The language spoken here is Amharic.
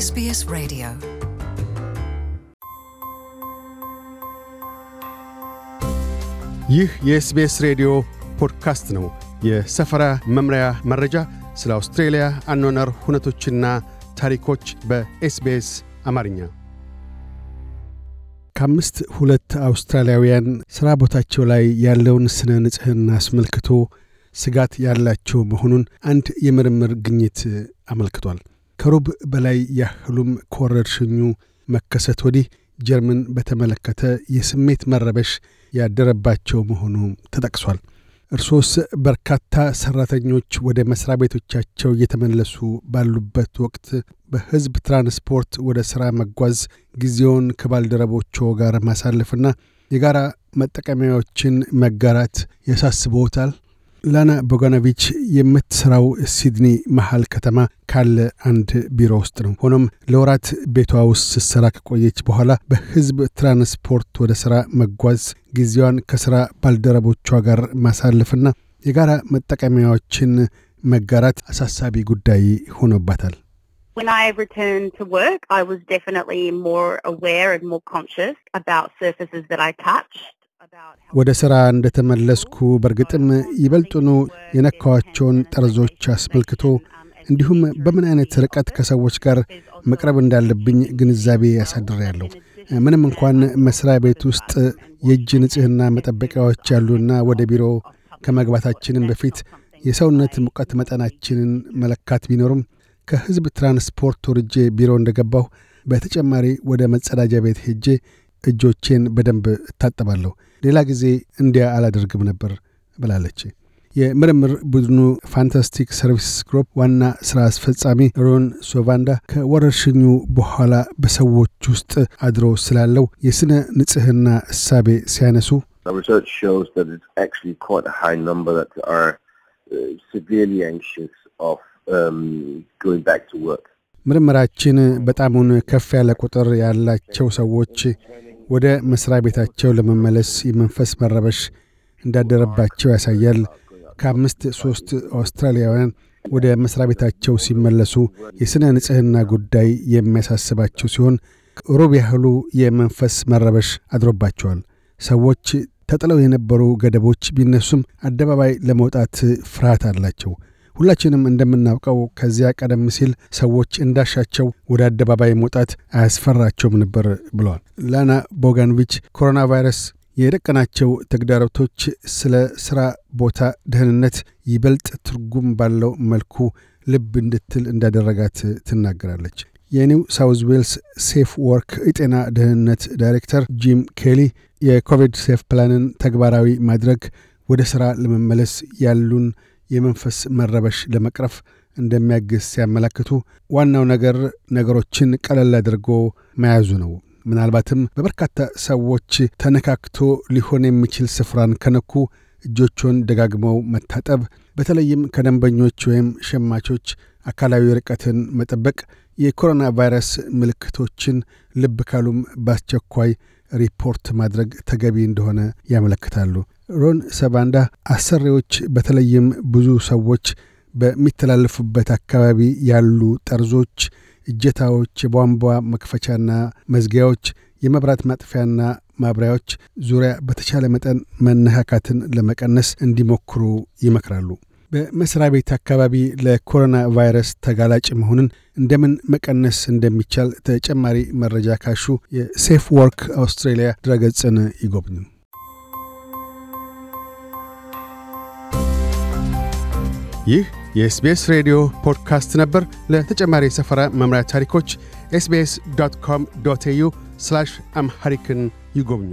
SBS Radio ይህ የኤስቢኤስ ሬዲዮ ፖድካስት ነው። የሰፈራ መምሪያ መረጃ፣ ስለ አውስትሬልያ አኗኗር ሁነቶችና ታሪኮች በኤስቢኤስ አማርኛ። ከአምስት ሁለት አውስትራሊያውያን ሥራ ቦታቸው ላይ ያለውን ስነ ንጽሕና አስመልክቶ ስጋት ያላቸው መሆኑን አንድ የምርምር ግኝት አመልክቷል። ከሩብ በላይ ያህሉም ከወረርሽኙ መከሰት ወዲህ ጀርመን በተመለከተ የስሜት መረበሽ ያደረባቸው መሆኑ ተጠቅሷል። እርሶስ በርካታ ሰራተኞች ወደ መስሪያ ቤቶቻቸው እየተመለሱ ባሉበት ወቅት በህዝብ ትራንስፖርት ወደ ሥራ መጓዝ፣ ጊዜውን ከባልደረቦቹ ጋር ማሳለፍና የጋራ መጠቀሚያዎችን መጋራት ያሳስበውታል። ላና ቦጋኖቪች የምትሰራው ሲድኒ መሀል ከተማ ካለ አንድ ቢሮ ውስጥ ነው። ሆኖም ለወራት ቤቷ ውስጥ ስትሰራ ከቆየች በኋላ በህዝብ ትራንስፖርት ወደ ሥራ መጓዝ፣ ጊዜዋን ከሥራ ባልደረቦቿ ጋር ማሳለፍና የጋራ መጠቀሚያዎችን መጋራት አሳሳቢ ጉዳይ ሆኖባታል። When I returned to work, I was definitely more aware and more conscious about surfaces that I touch. ወደ ሥራ እንደተመለስኩ በእርግጥም ይበልጡኑ የነካዋቸውን ጠርዞች አስመልክቶ እንዲሁም በምን አይነት ርቀት ከሰዎች ጋር መቅረብ እንዳለብኝ ግንዛቤ ያሳድር ያለሁ ምንም እንኳን መስሪያ ቤት ውስጥ የእጅ ንጽሕና መጠበቂያዎች ያሉና ወደ ቢሮ ከመግባታችንም በፊት የሰውነት ሙቀት መጠናችንን መለካት ቢኖርም ከሕዝብ ትራንስፖርት ወርጄ ቢሮ እንደገባሁ በተጨማሪ ወደ መጸዳጃ ቤት ሄጄ እጆቼን በደንብ እታጠባለሁ፣ ሌላ ጊዜ እንዲያ አላደርግም ነበር ብላለች። የምርምር ቡድኑ ፋንታስቲክ ሰርቪስ ግሩፕ ዋና ስራ አስፈጻሚ ሮን ሶቫንዳ ከወረርሽኙ በኋላ በሰዎች ውስጥ አድሮ ስላለው የስነ ንጽህና እሳቤ ሲያነሱ uh, um, ምርምራችን በጣሙን ከፍ ያለ ቁጥር ያላቸው ሰዎች ወደ መስሪያ ቤታቸው ለመመለስ የመንፈስ መረበሽ እንዳደረባቸው ያሳያል። ከአምስት ሦስት አውስትራሊያውያን ወደ መስሪያ ቤታቸው ሲመለሱ የሥነ ንጽሕና ጉዳይ የሚያሳስባቸው ሲሆን ሩብ ያህሉ የመንፈስ መረበሽ አድሮባቸዋል። ሰዎች ተጥለው የነበሩ ገደቦች ቢነሱም አደባባይ ለመውጣት ፍርሃት አላቸው። ሁላችንም እንደምናውቀው ከዚያ ቀደም ሲል ሰዎች እንዳሻቸው ወደ አደባባይ መውጣት አያስፈራቸውም ነበር ብለዋል። ላና ቦጋንቪች ኮሮና ቫይረስ የደቀናቸው ተግዳሮቶች ስለ ስራ ቦታ ደህንነት ይበልጥ ትርጉም ባለው መልኩ ልብ እንድትል እንዳደረጋት ትናገራለች። የኒው ሳውዝ ዌልስ ሴፍ ወርክ የጤና ደህንነት ዳይሬክተር ጂም ኬሊ የኮቪድ ሴፍ ፕላንን ተግባራዊ ማድረግ ወደ ሥራ ለመመለስ ያሉን የመንፈስ መረበሽ ለመቅረፍ እንደሚያግዝ ሲያመላክቱ ዋናው ነገር ነገሮችን ቀለል አድርጎ መያዙ ነው። ምናልባትም በበርካታ ሰዎች ተነካክቶ ሊሆን የሚችል ስፍራን ከነኩ እጆቹን ደጋግመው መታጠብ፣ በተለይም ከደንበኞች ወይም ሸማቾች አካላዊ ርቀትን መጠበቅ፣ የኮሮና ቫይረስ ምልክቶችን ልብ ካሉም በአስቸኳይ ሪፖርት ማድረግ ተገቢ እንደሆነ ያመለክታሉ። ሮን ሰባንዳ አሰሪዎች በተለይም ብዙ ሰዎች በሚተላለፉበት አካባቢ ያሉ ጠርዞች፣ እጀታዎች፣ የቧንቧ መክፈቻና መዝጊያዎች፣ የመብራት ማጥፊያና ማብሪያዎች ዙሪያ በተቻለ መጠን መነካካትን ለመቀነስ እንዲሞክሩ ይመክራሉ። በመስሪያ ቤት አካባቢ ለኮሮና ቫይረስ ተጋላጭ መሆንን እንደምን መቀነስ እንደሚቻል ተጨማሪ መረጃ ካሹ የሴፍ ወርክ አውስትራሊያ ድረገጽን ይጎብኙ። ይህ የኤስቤስ ሬዲዮ ፖድካስት ነበር። ለተጨማሪ የሰፈራ መምሪያ ታሪኮች ኤስቤስ ዶት ኮም ዶት ኤዩ አምሐሪክን ይጎብኙ።